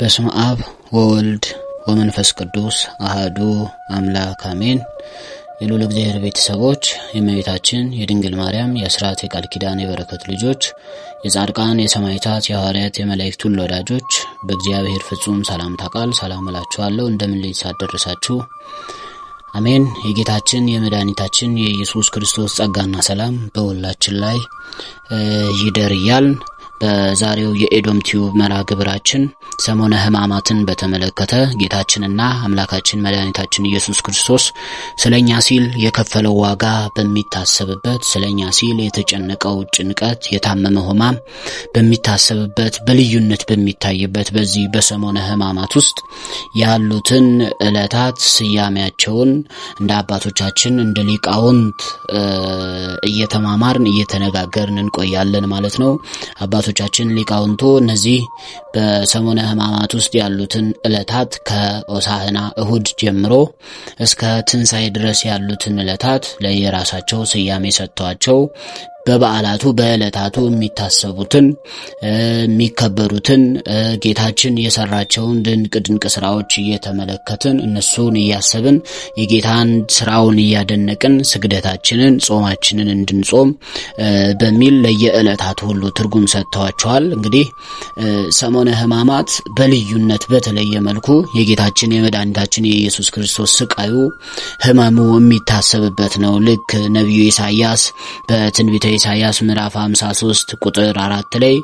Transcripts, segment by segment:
በስም አብ ወወልድ ወመንፈስ ቅዱስ አህዱ አምላክ አሜን። የሉል እግዚአብሔር ቤተሰቦች፣ የእመቤታችን የድንግል ማርያም የአስራት የቃል ኪዳን የበረከት ልጆች፣ የጻድቃን የሰማይታት የሐዋርያት የመላእክት ሁሉ ወዳጆች በእግዚአብሔር ፍጹም ሰላምታ ቃል ሰላም እላችኋለሁ። እንደምን ልጅ ሳደረሳችሁ አሜን። የጌታችን የመድኃኒታችን የኢየሱስ ክርስቶስ ጸጋና ሰላም በሁላችን ላይ ይደር እያልን በዛሬው የኤዶም ቲዩብ መርሃ ግብራችን ሰሞነ ሕማማትን በተመለከተ ጌታችንና አምላካችን መድኃኒታችን ኢየሱስ ክርስቶስ ስለኛ ሲል የከፈለው ዋጋ በሚታሰብበት፣ ስለኛ ሲል የተጨነቀው ጭንቀት፣ የታመመ ሕማም በሚታሰብበት፣ በልዩነት በሚታይበት በዚህ በሰሞነ ሕማማት ውስጥ ያሉትን ዕለታት ስያሜያቸውን እንደ አባቶቻችን እንደ ሊቃውንት እየተማማርን እየተነጋገርን እንቆያለን ማለት ነው። አባቶቻችን ሊቃውንቱ እነዚህ በሰሙነ ሕማማት ውስጥ ያሉትን ዕለታት ከኦሳህና እሁድ ጀምሮ እስከ ትንሣኤ ድረስ ያሉትን ዕለታት ለየራሳቸው ስያሜ ሰጥተዋቸው በበዓላቱ በዕለታቱ የሚታሰቡትን የሚከበሩትን ጌታችን የሰራቸውን ድንቅ ድንቅ ስራዎች እየተመለከትን እነሱን እያሰብን የጌታን ስራውን እያደነቅን ስግደታችንን ጾማችንን እንድንጾም በሚል ለየዕለታቱ ሁሉ ትርጉም ሰጥተዋቸዋል። እንግዲህ ሰሞነ ሕማማት በልዩነት በተለየ መልኩ የጌታችን የመድኃኒታችን የኢየሱስ ክርስቶስ ስቃዩ ህመሙ የሚታሰብበት ነው። ልክ ነቢዩ ኢሳያስ በትንቢተ ኢሳያስ ምዕራፍ 53 ቁጥር አራት ላይ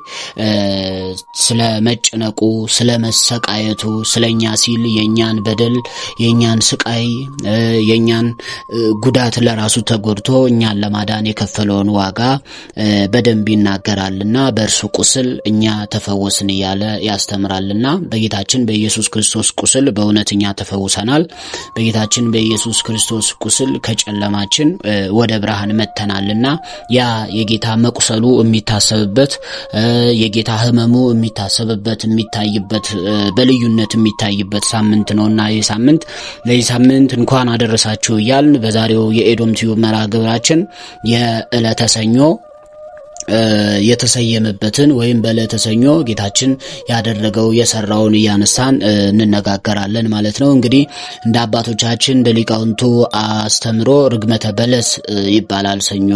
ስለ መጨነቁ፣ ስለ መሰቃየቱ፣ ስለኛ ሲል የእኛን በደል፣ የእኛን ስቃይ፣ የእኛን ጉዳት ለራሱ ተጎድቶ እኛን ለማዳን የከፈለውን ዋጋ በደንብ ይናገራልና በእርሱ ቁስል እኛ ተፈወስን እያለ ያስተምራልና በጌታችን በኢየሱስ ክርስቶስ ቁስል በእውነት እኛ ተፈውሰናል። በጌታችን በኢየሱስ ክርስቶስ ቁስል ከጨለማችን ወደ ብርሃን መተናልና ያ የጌታ መቁሰሉ የሚታሰብበት የጌታ ህመሙ የሚታሰብበት የሚታይበት በልዩነት የሚታይበት ሳምንት እና ይህ ሳምንት ለዚህ ሳምንት እንኳን አደረሳችሁ እያልን በዛሬው የኤዶም ቲዩብ መርሃ ግብራችን የዕለተ ሰኞ የተሰየመበትን ወይም በዕለተ ሰኞ ጌታችን ያደረገው የሰራውን እያነሳን እንነጋገራለን ማለት ነው። እንግዲህ እንደ አባቶቻችን እንደ ሊቃውንቱ አስተምሮ ርግመተ በለስ ይባላል። ሰኞ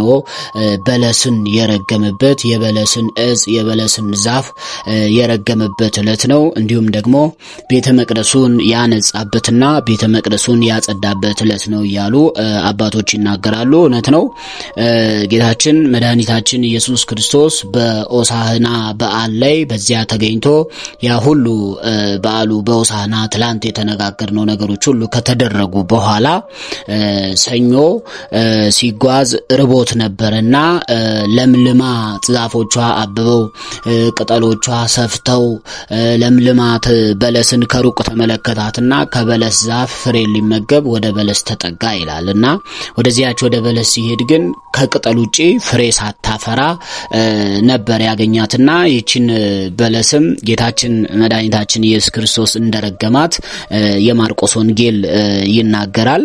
በለስን የረገመበት የበለስን እጽ የበለስን ዛፍ የረገመበት ዕለት ነው። እንዲሁም ደግሞ ቤተ መቅደሱን ያነጻበትና ቤተ መቅደሱን ያጸዳበት ዕለት ነው እያሉ አባቶች ይናገራሉ። እውነት ነው። ጌታችን መድኃኒታችን ኢየሱስ ኢየሱስ ክርስቶስ በኦሳህና በዓል ላይ በዚያ ተገኝቶ ያ ሁሉ በዓሉ በኦሳህና ትላንት የተነጋገርነው ነገሮች ሁሉ ከተደረጉ በኋላ ሰኞ ሲጓዝ ርቦት ነበርና ለምልማ ዛፎቿ አብበው ቅጠሎቿ ሰፍተው ለምልማት በለስን ከሩቅ ተመለከታትና ከበለስ ዛፍ ፍሬ ሊመገብ ወደ በለስ ተጠጋ ይላል እና ወደዚያች ወደ በለስ ሲሄድ ግን ከቅጠል ውጪ ፍሬ ሳታፈራ ነበር ያገኛትና ይችን በለስም ጌታችን መድኃኒታችን ኢየሱስ ክርስቶስ እንደረገማት የማርቆስ ወንጌል ይናገራል።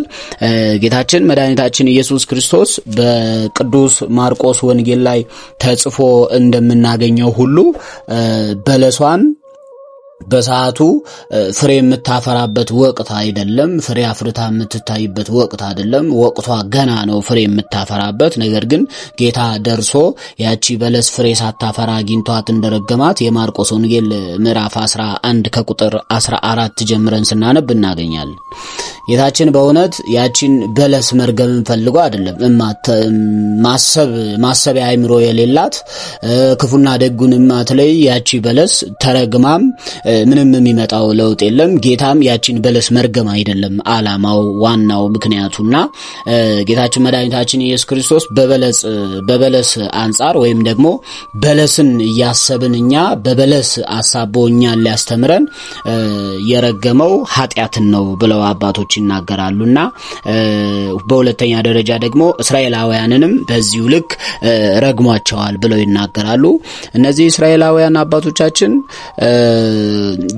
ጌታችን መድኃኒታችን ኢየሱስ ክርስቶስ በቅዱስ ማርቆስ ወንጌል ላይ ተጽፎ እንደምናገኘው ሁሉ በለሷን በሰዓቱ ፍሬ የምታፈራበት ወቅት አይደለም። ፍሬ አፍርታ የምትታይበት ወቅት አይደለም። ወቅቷ ገና ነው ፍሬ የምታፈራበት። ነገር ግን ጌታ ደርሶ ያቺ በለስ ፍሬ ሳታፈራ አግኝቷት እንደረገማት የማርቆስ ወንጌል ምዕራፍ 11 ከቁጥር 14 ጀምረን ስናነብ እናገኛለን። ጌታችን በእውነት ያቺን በለስ መርገምን ፈልጎ አይደለም። ማሰብ ማሰቢያ አይምሮ የሌላት ክፉና ደጉን ማትለይ ያቺ በለስ ተረግማም ምንም የሚመጣው ለውጥ የለም። ጌታም ያቺን በለስ መርገም አይደለም አላማው ዋናው ምክንያቱና ጌታችን መድኃኒታችን ኢየሱስ ክርስቶስ በበለስ በበለስ አንጻር ወይም ደግሞ በለስን እያሰብን እኛ በበለስ አሳቦ እኛን ሊያስተምረን የረገመው ኃጢአትን ነው ብለው አባቶች መረጃዎች ይናገራሉና በሁለተኛ ደረጃ ደግሞ እስራኤላውያንንም በዚሁ ልክ ረግሟቸዋል ብለው ይናገራሉ። እነዚህ እስራኤላውያን አባቶቻችን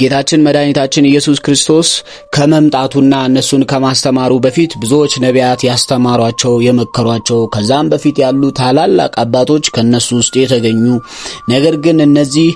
ጌታችን መድኃኒታችን ኢየሱስ ክርስቶስ ከመምጣቱና እነሱን ከማስተማሩ በፊት ብዙዎች ነቢያት ያስተማሯቸው የመከሯቸው ከዛም በፊት ያሉ ታላላቅ አባቶች ከነሱ ውስጥ የተገኙ ነገር ግን እነዚህ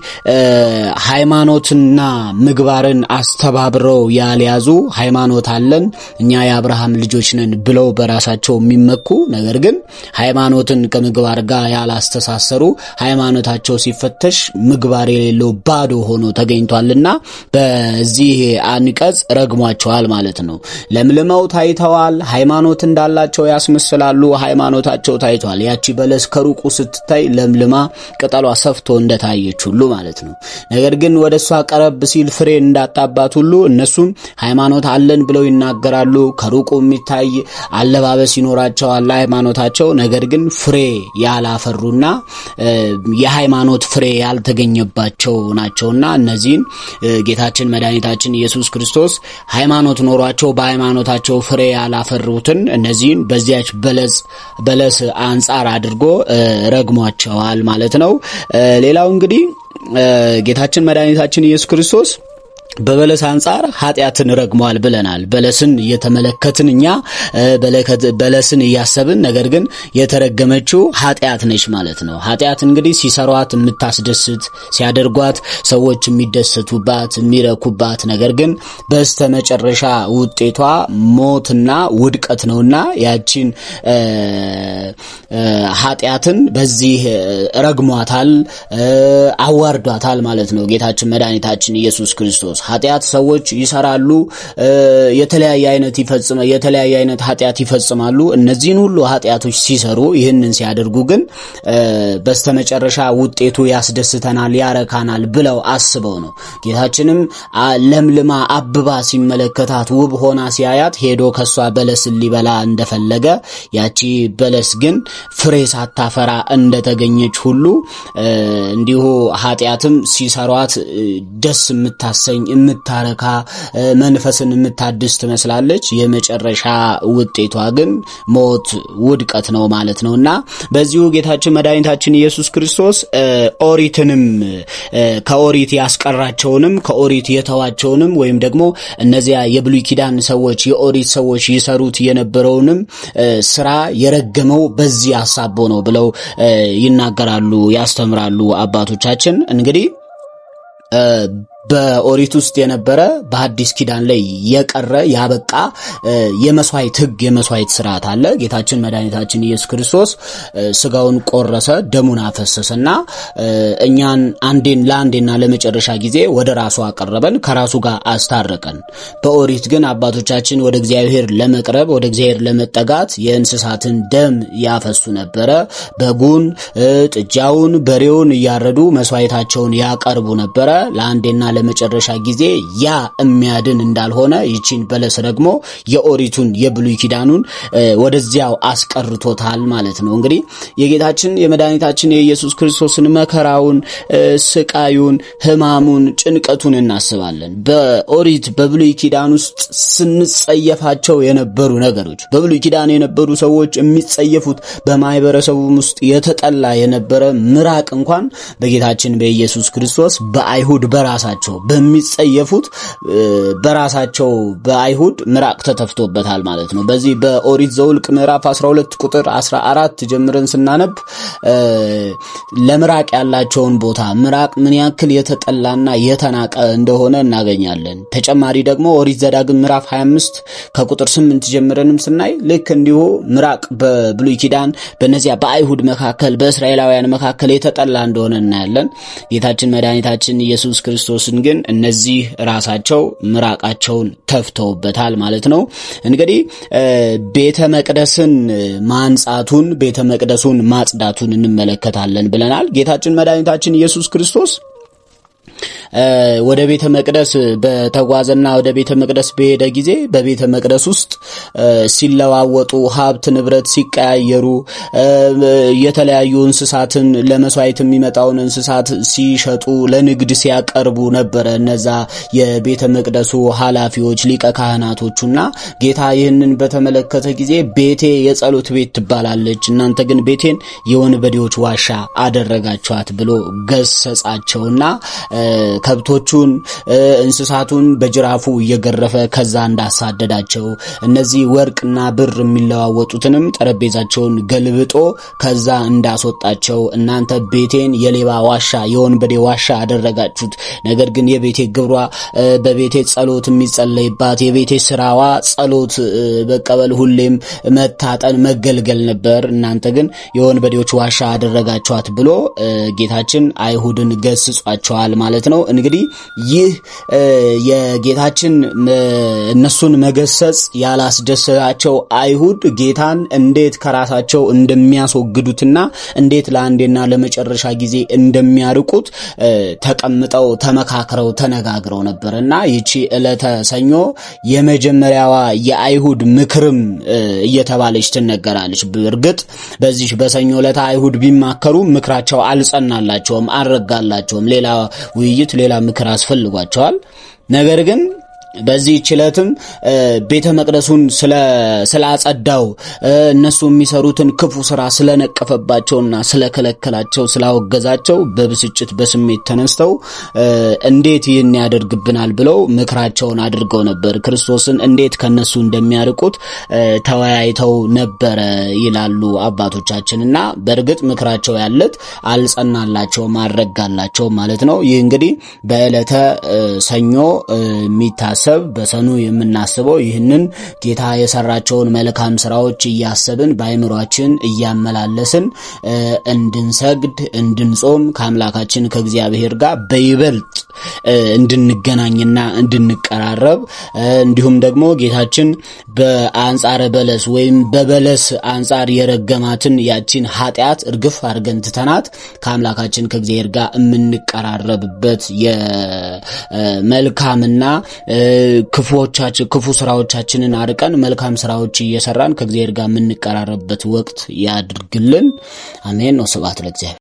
ሃይማኖትና ምግባርን አስተባብረው ያልያዙ ሃይማኖት አለን እኛ የአብርሃም ልጆች ነን ብለው በራሳቸው የሚመኩ ነገር ግን ሃይማኖትን ከምግባር ጋር ያላስተሳሰሩ ሃይማኖታቸው ሲፈተሽ ምግባር የሌለው ባዶ ሆኖ ተገኝቷልና በዚህ አንቀጽ ረግሟቸዋል ማለት ነው። ለምልመው ታይተዋል። ሃይማኖት እንዳላቸው ያስመስላሉ። ሃይማኖታቸው ታይቷል። ያቺ በለስ ከሩቁ ስትታይ ለምልማ ቅጠሏ ሰፍቶ እንደታየች ሁሉ ማለት ነው። ነገር ግን ወደ እሷ ቀረብ ሲል ፍሬ እንዳጣባት ሁሉ እነሱም ሃይማኖት አለን ብለው ይናገ ይናገራሉ። ከሩቁ የሚታይ አለባበስ ይኖራቸዋል ለሃይማኖታቸው። ነገር ግን ፍሬ ያላፈሩና የሃይማኖት ፍሬ ያልተገኘባቸው ናቸውና እነዚህን ጌታችን መድኃኒታችን ኢየሱስ ክርስቶስ ሃይማኖት ኖሯቸው በሃይማኖታቸው ፍሬ ያላፈሩትን እነዚህን በዚያች በለስ አንጻር አድርጎ ረግሟቸዋል ማለት ነው። ሌላው እንግዲህ ጌታችን መድኃኒታችን ኢየሱስ ክርስቶስ በበለስ አንጻር ኃጢአትን ረግሟል ብለናል። በለስን እየተመለከትን እኛ በለስን እያሰብን ነገር ግን የተረገመችው ኃጢአት ነች ማለት ነው። ኃጢአት እንግዲህ ሲሰሯት የምታስደስት ሲያደርጓት ሰዎች የሚደሰቱባት የሚረኩባት፣ ነገር ግን በስተመጨረሻ ውጤቷ ሞትና ውድቀት ነውና ያቺን ኃጢአትን በዚህ ረግሟታል፣ አዋርዷታል ማለት ነው ጌታችን መድኃኒታችን ኢየሱስ ክርስቶስ ኃጢአት ሰዎች ይሰራሉ፣ የተለያየ አይነት ይፈጽመ የተለያየ አይነት ኃጢአት ይፈጽማሉ። እነዚህን ሁሉ ኃጢአቶች ሲሰሩ ይህንን ሲያደርጉ ግን በስተመጨረሻ ውጤቱ ያስደስተናል፣ ያረካናል ብለው አስበው ነው። ጌታችንም ለምልማ አብባ ሲመለከታት ውብ ሆና ሲያያት ሄዶ ከሷ በለስን ሊበላ እንደፈለገ ያቺ በለስ ግን ፍሬ ሳታፈራ እንደተገኘች ሁሉ እንዲሁ ኃጢአትም ሲሰሯት ደስ የምታሰኝ የምታረካ መንፈስን የምታድስ ትመስላለች። የመጨረሻ ውጤቷ ግን ሞት፣ ውድቀት ነው ማለት ነው እና በዚሁ ጌታችን መድኃኒታችን ኢየሱስ ክርስቶስ ኦሪትንም ከኦሪት ያስቀራቸውንም ከኦሪት የተዋቸውንም ወይም ደግሞ እነዚያ የብሉይ ኪዳን ሰዎች የኦሪት ሰዎች ይሰሩት የነበረውንም ስራ የረገመው በዚህ አሳቦ ነው ብለው ይናገራሉ፣ ያስተምራሉ አባቶቻችን እንግዲህ በኦሪት ውስጥ የነበረ በአዲስ ኪዳን ላይ የቀረ ያበቃ የመስዋዕት ህግ የመስዋዕት ስርዓት አለ። ጌታችን መድኃኒታችን ኢየሱስ ክርስቶስ ስጋውን ቆረሰ፣ ደሙን አፈሰሰና እኛን አንዴን ለአንዴና ለመጨረሻ ጊዜ ወደ ራሱ አቀረበን፣ ከራሱ ጋር አስታረቀን። በኦሪት ግን አባቶቻችን ወደ እግዚአብሔር ለመቅረብ ወደ እግዚአብሔር ለመጠጋት የእንስሳትን ደም ያፈሱ ነበረ። በጉን፣ ጥጃውን፣ በሬውን እያረዱ መስዋዕታቸውን ያቀርቡ ነበረ ለአንዴና ለመጨረሻ ጊዜ ያ እሚያድን እንዳልሆነ ይቺን በለስ ደግሞ የኦሪቱን የብሉይ ኪዳኑን ወደዚያው አስቀርቶታል ማለት ነው። እንግዲህ የጌታችን የመድኃኒታችን የኢየሱስ ክርስቶስን መከራውን፣ ስቃዩን፣ ህማሙን ጭንቀቱን እናስባለን። በኦሪት በብሉይ ኪዳን ውስጥ ስንጸየፋቸው የነበሩ ነገሮች በብሉይ ኪዳን የነበሩ ሰዎች የሚጸየፉት በማህበረሰቡም ውስጥ የተጠላ የነበረ ምራቅ እንኳን በጌታችን በኢየሱስ ክርስቶስ በአይሁድ በራሳቸው ናቸው በሚጸየፉት በራሳቸው በአይሁድ ምራቅ ተተፍቶበታል ማለት ነው። በዚህ በኦሪት ዘውልቅ ምዕራፍ 12 ቁጥር 14 ጀምረን ስናነብ ለምራቅ ያላቸውን ቦታ ምራቅ ምን ያክል የተጠላና የተናቀ እንደሆነ እናገኛለን። ተጨማሪ ደግሞ ኦሪት ዘዳግም ምዕራፍ 25 ከቁጥር 8 ጀምረንም ስናይ ልክ እንዲሁ ምራቅ በብሉይ ኪዳን በነዚያ በአይሁድ መካከል በእስራኤላውያን መካከል የተጠላ እንደሆነ እናያለን። ጌታችን መድኃኒታችን ኢየሱስ ክርስቶስ የደረሱትን ግን እነዚህ ራሳቸው ምራቃቸውን ተፍተውበታል ማለት ነው። እንግዲህ ቤተ መቅደስን ማንጻቱን ቤተ መቅደሱን ማጽዳቱን እንመለከታለን ብለናል። ጌታችን መድኃኒታችን ኢየሱስ ክርስቶስ ወደ ቤተ መቅደስ በተጓዘና ወደ ቤተ መቅደስ በሄደ ጊዜ በቤተ መቅደስ ውስጥ ሲለዋወጡ፣ ሀብት ንብረት ሲቀያየሩ፣ የተለያዩ እንስሳትን ለመስዋዕት የሚመጣውን እንስሳት ሲሸጡ፣ ለንግድ ሲያቀርቡ ነበረ። እነዛ የቤተ መቅደሱ ኃላፊዎች ሊቀ ካህናቶቹና ጌታ ይህንን በተመለከተ ጊዜ ቤቴ የጸሎት ቤት ትባላለች፣ እናንተ ግን ቤቴን የወንበዴዎች ዋሻ አደረጋችኋት ብሎ ገሰጻቸውና ከብቶቹን እንስሳቱን በጅራፉ እየገረፈ ከዛ እንዳሳደዳቸው እነዚህ እነዚህ ወርቅና ብር የሚለዋወጡትንም ጠረጴዛቸውን ገልብጦ ከዛ እንዳስወጣቸው እናንተ ቤቴን የሌባ ዋሻ የወንበዴ ዋሻ አደረጋችሁት። ነገር ግን የቤቴ ግብሯ በቤቴ ጸሎት የሚጸለይባት የቤቴ ስራዋ ጸሎት በቀበል ሁሌም መታጠን መገልገል ነበር። እናንተ ግን የወንበዴዎች ዋሻ አደረጋችኋት ብሎ ጌታችን አይሁድን ገስጿቸዋል ማለት ነው። እንግዲህ ይህ የጌታችን እነሱን መገሰጽ ያላስደ ያስደሰታቸው አይሁድ ጌታን እንዴት ከራሳቸው እንደሚያስወግዱትና እንዴት ለአንዴና ለመጨረሻ ጊዜ እንደሚያርቁት ተቀምጠው ተመካክረው ተነጋግረው ነበር እና ይቺ ዕለተ ሰኞ የመጀመሪያዋ የአይሁድ ምክርም እየተባለች ትነገራለች። እርግጥ በዚህ በሰኞ ዕለት አይሁድ ቢማከሩ ምክራቸው አልጸናላቸውም፣ አልረጋላቸውም። ሌላ ውይይት፣ ሌላ ምክር አስፈልጓቸዋል። ነገር ግን በዚህ ችለትም ቤተ መቅደሱን ስላጸዳው እነሱ የሚሰሩትን ክፉ ስራ ስለነቀፈባቸውና ስለከለከላቸው ስላወገዛቸው በብስጭት በስሜት ተነስተው እንዴት ይህን ያደርግብናል ብለው ምክራቸውን አድርገው ነበር። ክርስቶስን እንዴት ከነሱ እንደሚያርቁት ተወያይተው ነበረ ይላሉ አባቶቻችን። እና በእርግጥ ምክራቸው ያለት አልጸናላቸውም፣ አልረጋላቸውም ማለት ነው። ይህ እንግዲህ በዕለተ ሰኞ የሚታ በማሰብ በሰኑ የምናስበው ይህንን ጌታ የሰራቸውን መልካም ስራዎች እያሰብን በአይምሯችን እያመላለስን እንድንሰግድ፣ እንድንጾም ከአምላካችን ከእግዚአብሔር ጋር በይበልጥ እንድንገናኝና እንድንቀራረብ እንዲሁም ደግሞ ጌታችን በአንጻረ በለስ ወይም በበለስ አንጻር የረገማትን ያቺን ኃጢአት እርግፍ አድርገን ትተናት ከአምላካችን ከእግዚአብሔር ጋር የምንቀራረብበት የመልካምና ክፉዎቻችን ክፉ ስራዎቻችንን አርቀን መልካም ስራዎች እየሰራን ከእግዚአብሔር ጋር የምንቀራረብበት ወቅት ያድርግልን። አሜን። ወስብሐት ለእግዚአብሔር።